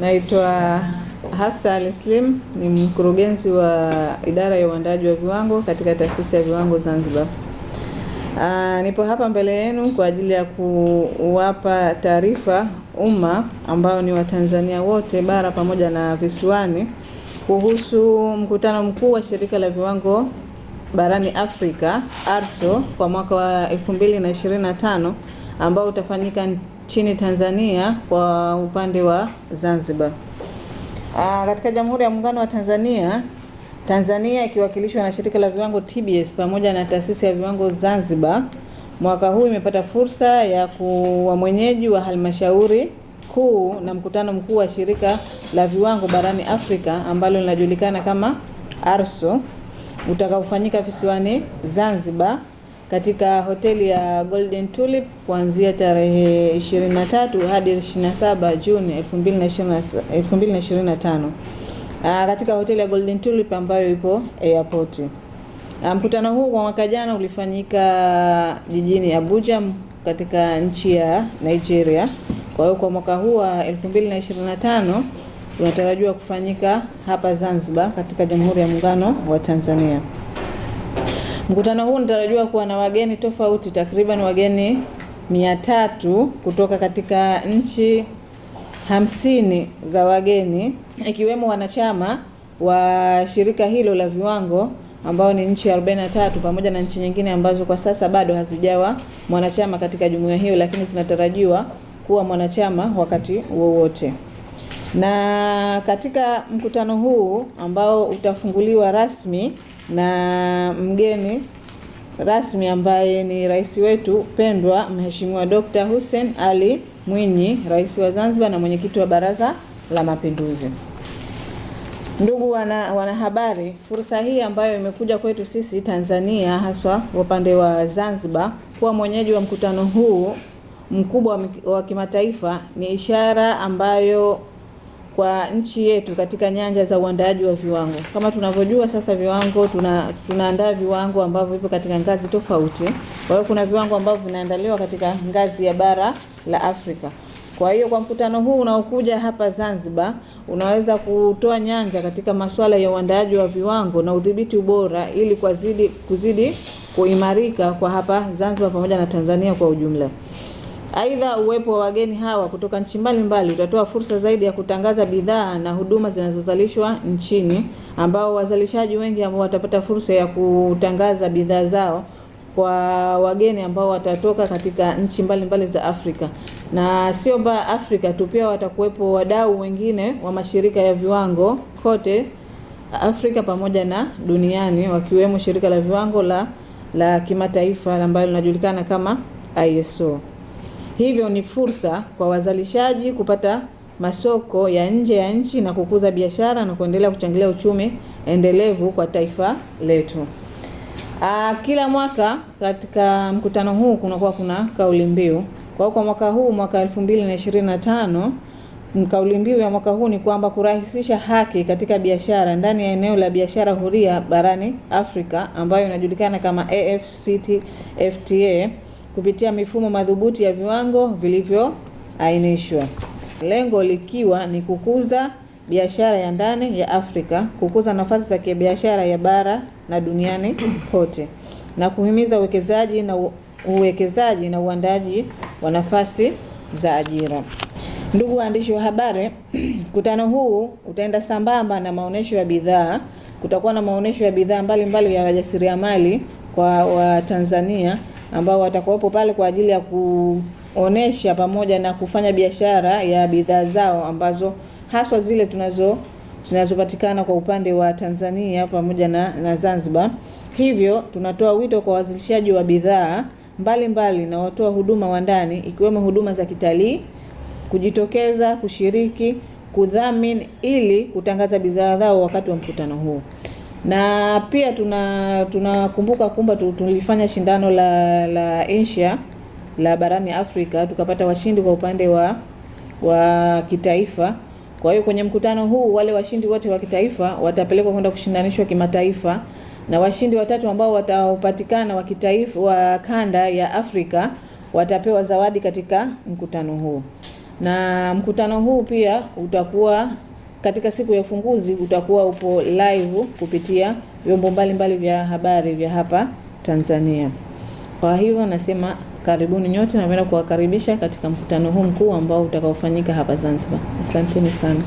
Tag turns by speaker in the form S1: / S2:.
S1: Naitwa Hafsa Ali Slim, ni mkurugenzi wa idara ya uandaji wa viwango katika taasisi ya viwango Zanzibar. Aa, ah, nipo hapa mbele yenu kwa ajili ya kuwapa taarifa umma ambao ni Watanzania wote bara pamoja na visiwani kuhusu mkutano mkuu wa shirika la viwango barani Afrika ARSO kwa mwaka wa 2025 ambao utafanyika nchini Tanzania kwa upande wa Zanzibar. Aa, ah, katika Jamhuri ya Muungano wa Tanzania, Tanzania ikiwakilishwa na shirika la viwango TBS pamoja na taasisi ya viwango Zanzibar, mwaka huu imepata fursa ya kuwa mwenyeji wa halmashauri kuu na mkutano mkuu wa shirika la viwango barani Afrika ambalo linajulikana kama ARSO utakaofanyika visiwani Zanzibar katika hoteli ya Golden Tulip kuanzia tarehe 23 hadi 27 Juni 2025 katika hoteli ya Golden Tulip ambayo ipo airport. Ah, mkutano huu kwa mwaka jana ulifanyika jijini Abuja katika nchi ya Nigeria. Kwa hiyo kwa mwaka huu wa 2025 unatarajiwa kufanyika hapa Zanzibar katika Jamhuri ya Muungano wa Tanzania. Mkutano huu unatarajiwa kuwa na wageni tofauti takriban wageni mia tatu kutoka katika nchi hamsini za wageni ikiwemo wanachama wa shirika hilo la viwango ambao ni nchi 43 pamoja na nchi nyingine ambazo kwa sasa bado hazijawa mwanachama katika jumuiya hiyo, lakini zinatarajiwa kuwa mwanachama wakati wowote. Na katika mkutano huu ambao utafunguliwa rasmi na mgeni rasmi ambaye ni rais wetu pendwa Mheshimiwa Dr. Hussein Ali Mwinyi, rais wa Zanzibar na mwenyekiti wa Baraza la Mapinduzi. Ndugu wana, wanahabari, fursa hii ambayo imekuja kwetu sisi Tanzania haswa upande wa Zanzibar kuwa mwenyeji wa mkutano huu mkubwa wa kimataifa ni ishara ambayo kwa nchi yetu katika nyanja za uandaaji wa viwango. Kama tunavyojua sasa, viwango tuna tunaandaa viwango ambavyo vipo katika ngazi tofauti. Kwa hiyo kuna viwango ambavyo vinaandaliwa katika ngazi ya bara la Afrika. Kwa hiyo kwa mkutano huu unaokuja hapa Zanzibar, unaweza kutoa nyanja katika masuala ya uandaaji wa viwango na udhibiti ubora ili kuzidi kuimarika kwa hapa Zanzibar pamoja na Tanzania kwa ujumla. Aidha, uwepo wa wageni hawa kutoka nchi mbalimbali utatoa fursa zaidi ya kutangaza bidhaa na huduma zinazozalishwa nchini, ambao wazalishaji wengi ambao watapata fursa ya kutangaza bidhaa zao kwa wageni ambao watatoka katika nchi mbalimbali za Afrika na sio ba Afrika tu, pia watakuwepo wadau wengine wa mashirika ya viwango kote Afrika pamoja na duniani, wakiwemo shirika la viwango la la kimataifa ambalo linajulikana kama ISO. Hivyo ni fursa kwa wazalishaji kupata masoko ya nje ya nchi na kukuza biashara na kuendelea kuchangilia uchumi endelevu kwa taifa letu. Aa, ah, kila mwaka katika mkutano huu kunakuwa kuna kauli mbiu. Kwa hiyo kwa mwaka huu mwaka 2025 kauli mbiu ya mwaka huu ni kwamba kurahisisha haki katika biashara ndani ya eneo la biashara huria barani Afrika ambayo inajulikana kama AfCFTA kupitia mifumo madhubuti ya viwango vilivyoainishwa, lengo likiwa ni kukuza biashara ya ndani ya Afrika, kukuza nafasi za kibiashara ya bara na duniani kote, na kuhimiza uwekezaji na uwekezaji na uandaji wa nafasi za ajira. Ndugu waandishi wa habari, mkutano huu utaenda sambamba na maonyesho ya bidhaa. Kutakuwa na maonyesho ya bidhaa mbalimbali ya wajasiriamali kwa Watanzania ambao watakuwepo pale kwa ajili ya kuonesha pamoja na kufanya biashara ya bidhaa zao ambazo haswa zile tunazo zinazopatikana kwa upande wa Tanzania pamoja na, na Zanzibar. Hivyo tunatoa wito kwa wawasilishaji wa bidhaa mbalimbali na watoa huduma wa ndani ikiwemo huduma za kitalii kujitokeza kushiriki kudhamini ili kutangaza bidhaa zao wakati wa mkutano huu na pia tuna tunakumbuka kumba tulifanya shindano la la Asia la barani Afrika tukapata washindi kwa upande wa wa kitaifa. Kwa hiyo kwenye mkutano huu wale washindi wote wa kitaifa watapelekwa kwenda kushindanishwa kimataifa, na washindi watatu ambao watapatikana wa kitaifa wa kanda ya Afrika watapewa zawadi katika mkutano huu, na mkutano huu pia utakuwa katika siku ya ufunguzi utakuwa upo live kupitia vyombo mbalimbali vya habari vya hapa Tanzania. Kwa hivyo nasema karibuni nyote, napenda kuwakaribisha katika mkutano huu mkuu ambao utakaofanyika hapa Zanzibar. Asanteni sana.